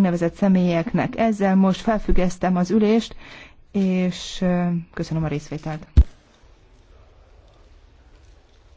nevezett személyeknek. Ezzel most felfüggesztem az ülést, és köszönöm a részvételt.